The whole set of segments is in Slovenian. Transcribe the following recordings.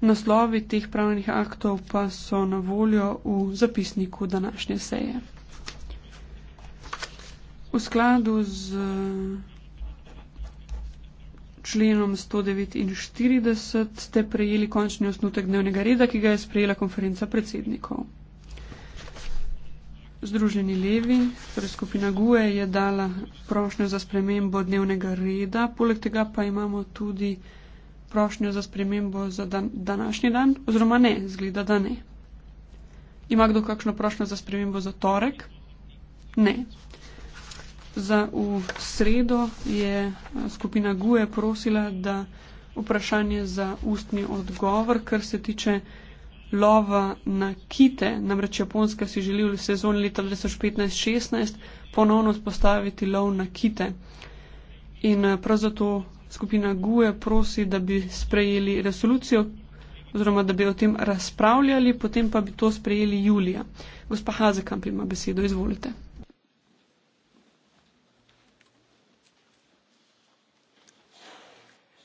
Naslovi teh pravnih aktov pa so na voljo v zapisniku današnje seje. V skladu z členom 149 ste prejeli končni osnutek dnevnega reda, ki ga je sprejela konferenca predsednikov. Združeni levi, torej skupina GUE, je dala prošnjo za spremembo dnevnega reda, poleg tega pa imamo tudi prošnjo za spremembo za dan današnji dan, oziroma ne, zgleda, da ne. Ima kdo kakšno prošnjo za spremembo za torek? Ne. Za v sredo je eh, skupina GUE prosila, da vprašanje za ustni odgovor, kar se tiče lova na kite, namreč Japonska si želi v sezoni leta 2015-16 ponovno vzpostaviti lov na kite. In eh, prav zato skupina GUE prosi, da bi sprejeli resolucijo oziroma da bi o tem razpravljali, potem pa bi to sprejeli julija. Gospa Hazekamp ima besedo, izvolite.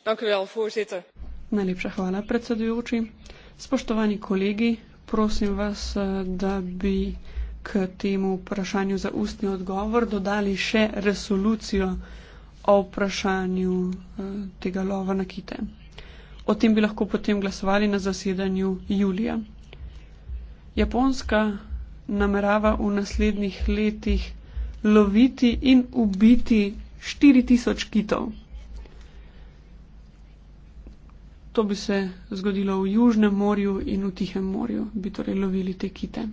Dankjewel, voorzitter. Najlepša hvala, predsedujoči. Spoštovani kolegi, prosim vas, da bi k temu vprašanju za ustni odgovor dodali še resolucijo o vprašanju eh, tega lova na kite. O tem bi lahko potem glasovali na zasedanju julija. Japonska namerava v naslednjih letih loviti in ubiti 4000 kitov. To bi se zgodilo v Južnem morju in v Tihem morju, bi torej lovili te kite.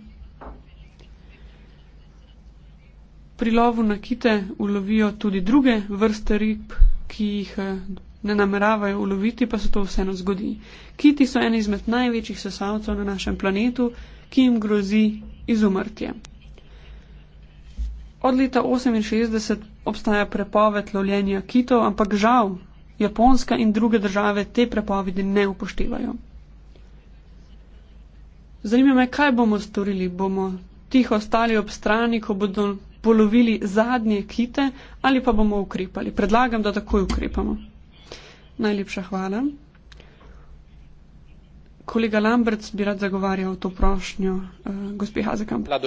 pri lovu na kite ulovijo tudi druge vrste rib, ki jih eh, ne nameravajo uloviti, pa se to vseeno zgodi. Kiti so eni izmed največjih sesalcev na našem planetu, ki jim grozi izumrtje. Od leta 1968 obstaja prepoved lovljenja kitov, ampak žal Japonska in druge države te prepovedi ne upoštevajo. Zanima me, kaj bomo storili. Bomo tiho ostali ob strani, ko bodo polovili zadnje kite ali pa bomo ukrepali. Predlagam, da takoj ukrepamo. Najlepša hvala. Kolega Lambert bi rad zagovarjal to prošnjo uh, gospe Hazekamp. Euh,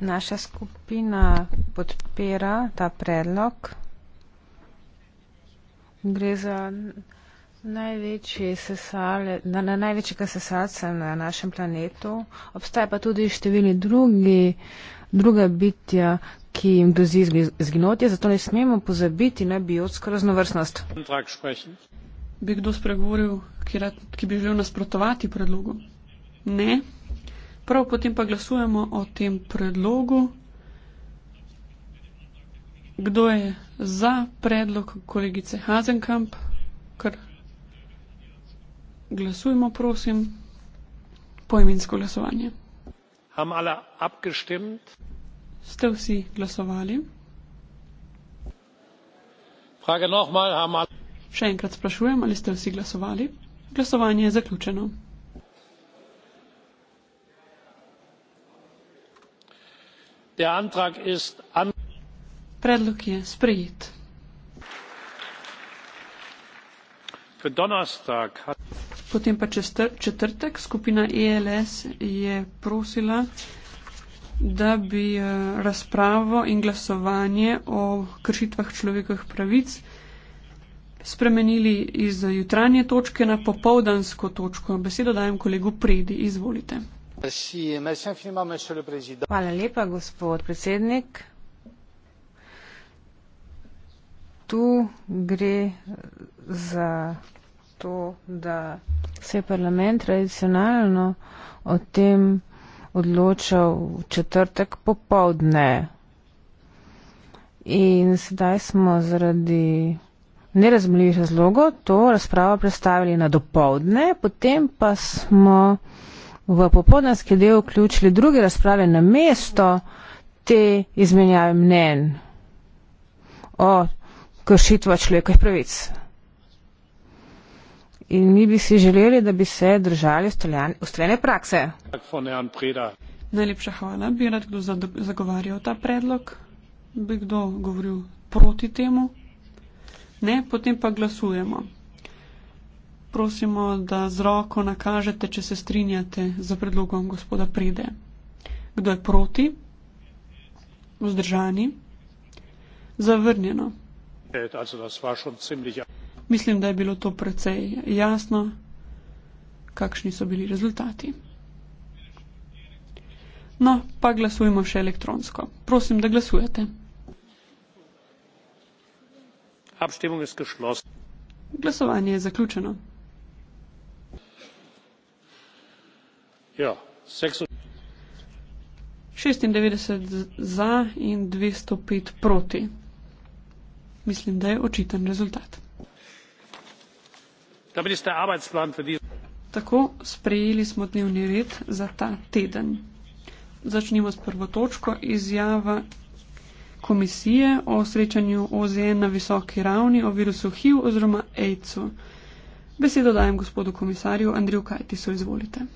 Naša skupina podpira ta predlog. Gre za Največji sesalec, na, na največjega sesalca na našem planetu. Obstaja pa tudi številni drugi, druga bitja, ki jim grozi izginotje, zato ne smemo pozabiti na biotsko raznovrstnost. Bi kdo spregovoril, ki, rad, ki bi želel nasprotovati predlogu? Ne. Prav potem pa glasujemo o tem predlogu. Kdo je za predlog kolegice Hazenkamp? Kar Glasujmo, prosim, poimensko glasovanje. Haben alle abgestimmt? Ste vsi glasovali? Frage noch mal, haben alle... Še enkrat sprašujem, ali ste vsi glasovali? Glasovanje je zaključeno. Der Antrag ist an... Predlog je sprejet. Für Donnerstag hat... Potem pa čestr, četrtek skupina ELS je prosila, da bi eh, razpravo in glasovanje o kršitvah človekovih pravic spremenili iz jutranje točke na popovdansko točko. Besedo dajem kolegu Predi, izvolite. Hvala lepa, gospod predsednik. Tu gre za to, da se je parlament tradicionalno o tem odločal v četrtek popovdne. In sedaj smo zaradi nerazmljivih razlogov to razpravo predstavili na dopovdne, potem pa smo v popodnanski del vključili druge razprave na mesto te izmenjave mnen o kršitva človekovih pravic in mi bi si želeli, da bi se držali ustrene prakse. Najlepša hvala. Bi rad kdo zagovarjal ta predlog? Bi kdo govoril proti temu? Ne, potem pa glasujemo. Prosimo, da z roko nakažete, če se strinjate za predlogom gospoda Prede. Kdo je proti? Vzdržani? Zavrnjeno. Also, Mislim, da je bilo to precej jasno, kakšni so bili rezultati. No, pa glasujmo še elektronsko. Prosim, da glasujete. Glasovanje je zaključeno. Ja, 96 za in 205 proti. Mislim, da je očiten rezultat. Tako, sprejeli smo dnevni red za ta teden. Začnimo s prvo točko, izjava komisije o srečanju OZN na visoki ravni o virusu HIV oziroma AIDS-u. Besedo dajem gospodu komisarju Andriju Kajtisu, izvolite.